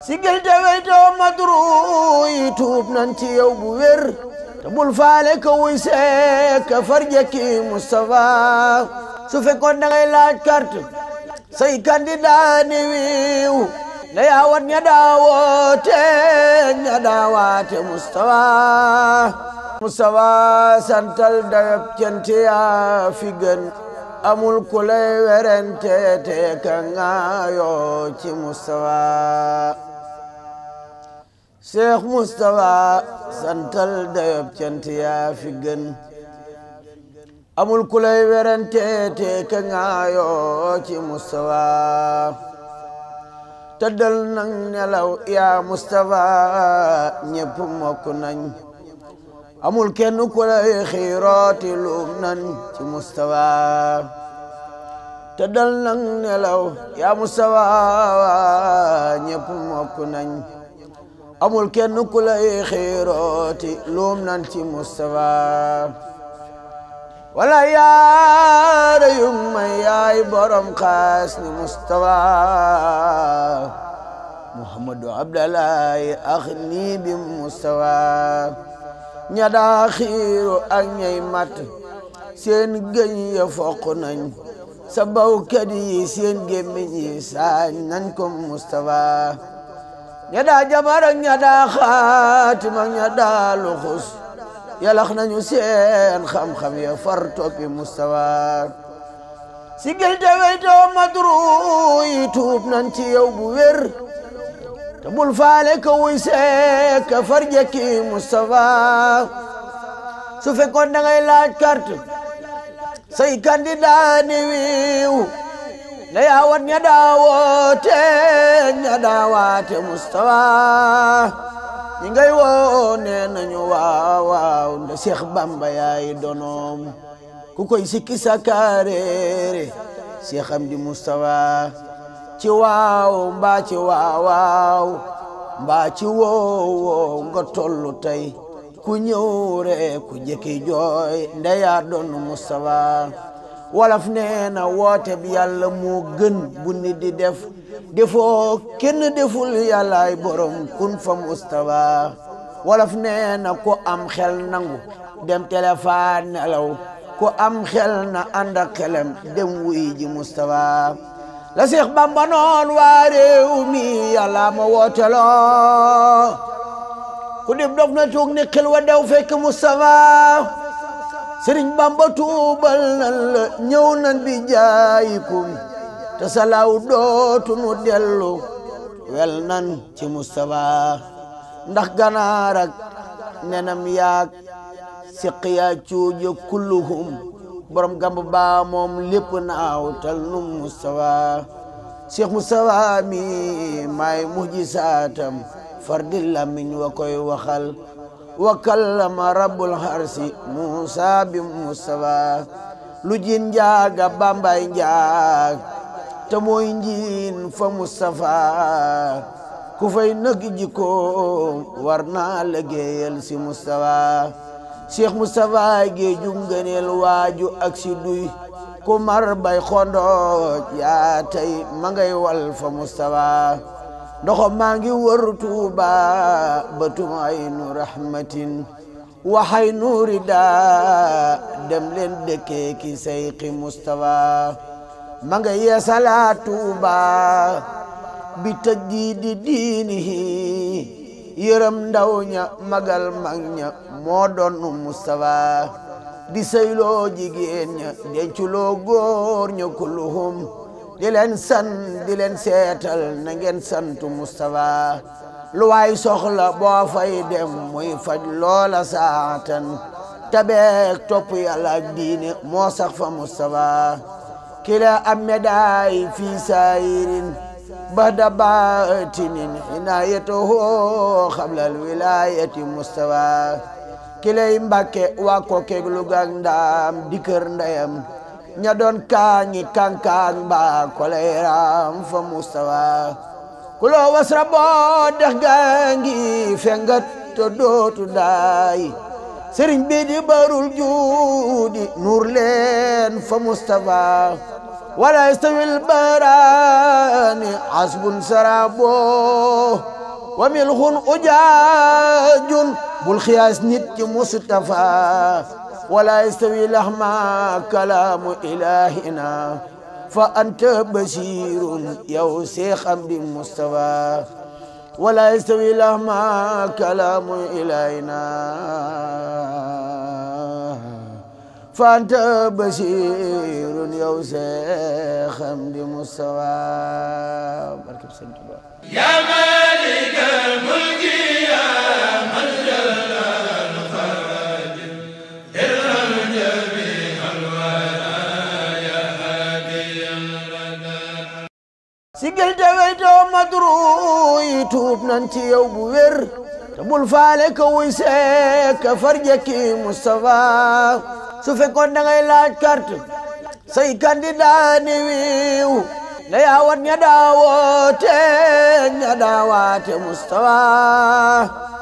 sigil te weytoo madru yi tuub nan ci yow bu wér te bul faale ka wuy see ka su fekkoon da ngay laaj carte say candidat wiiw na yaawat ña daawoote ña santal dayab cente yaa fi gën amul ku lay werente te ka nga yoo ci Cheikh Moustapha santal dayob cant yaa fi gën amul ku lay werante te ka ngaayoo ci Moustapha tëddal nang nelaw yaa Moustapha ñépp mokk nañ amul kenn ku lay xiirooti luum nan ci Moustapha tëddal nang nelaw yaa Moustapha ñépp mokk nañ amul kenn ku lay xiirooti luum nan ci Mustafa wala yaara yum may yaay borom xaas ni Mustafa Muhammadu Abdallahi ax nii bi Mustafa ña daa mat seen gëñ foq nañ sa bawkat yi seen gémmiñ yi saañ nañ ko Mustafa ñadaa jabarak ñadaa xaatima ñadaa luxus yalax nañu seen xam-xam ya far toppi mustawa si gil te weytoo madru yi tuub nan ci yow bu wér te bul faale ka wuy see ka far jekki mustawa su fekkoon da ngay laaj carte say candidat wiiw la yawat ña daawoote ña daawaate mustawa ñi ngay woo nee nañu waawaaw nda Seex Bamba yaay donoom ku koy sikki sakaareere Seex di Mustawa ci waaw mbaa ci waawaaw mbaa ci woowoo nga tollu tey ku ñëw ree ku jëkki jooy nda yaa doon Mustawa wolof nee na woote bi yàlla mu gën bu nit di def defoo kenn deful yàllaay borom kun fa mustawa wolof nee ku am xel nangu dem téléphone nelaw ku am xel na ànd ak dem wuy ji mustawa la Seex Bamba noon waa réew mi wooteloo ku dib dof na tuug ni xel wa dew fekk mustawa sëriñ bamba tuubal nan la ñëw nan bi jaayikum te salaaw dootu nu dellu wel nan ci Mustafa ndax ganaar ak nenam yaak siqiya cuuja kulluhum borom gamba baa moom naaw tal nu Mustafa Cheikh Mustafa mi maay mujjisaatam fardil lamiñ wa koy waxal wa kallama rabbul harsi musa bi mustafa lu jin njaaga bambay njaag te mooy njiin fa mustafa ku fay nag jikkoom war naa liggéeyal si mustafa cheikh mustafa gee junganeel waaju ak si duy ku mar bay xondooj yaa tey ma wal fa mustafa ndoxom maa ngi wër tuuba batum aynu rahmatin waxay nuuri daa dem leen dëkkee ki sayqi mustafa ma nga yeesalaa tuuba di tajdiidi diinihi yërëm ndaw ña magal mag ña moo doon mustafa di sayloo jigéen ña denculoo góor ña kulluhum di leen san di leen seetal na ngeen santu Moustapha lu waay soxla boo fay dem muy faj loola saatan tabeek topp yàlla diine moo sax fa Moustapha kila am médaay fi saayirin bahda baatinin inaayatuhu wilaayati Moustapha kilay Mbàkke waa ko keeg lu gaag ndaam di kër ndeyam ña doon kaañi kankaan ba koleeraam fa mustawa kuloo wasra boo dex gaa ngi fengat to dootu daay sëriñ bi di barul juudi nuur leen fa mustafa wala yastawil barani asbun sarabo wa milxun ujaajun bul xiyaas nit ci mustafa ولا يستوي لهما كلام إلهنا فأنت بشير يو سيخا عبد ولا يستوي لهما كلام إلهنا فأنت بشير يو سيخا عبد يا مالك الملك sigil te weytoo madru yi tuub nan ci yow bu wér te bul faale ka wuy seek ka farjëkki Moustapha su fekkoon da ngay laaj carte say candidat wiiw ne yaa wat ña daawoo ña daawaate Moustapha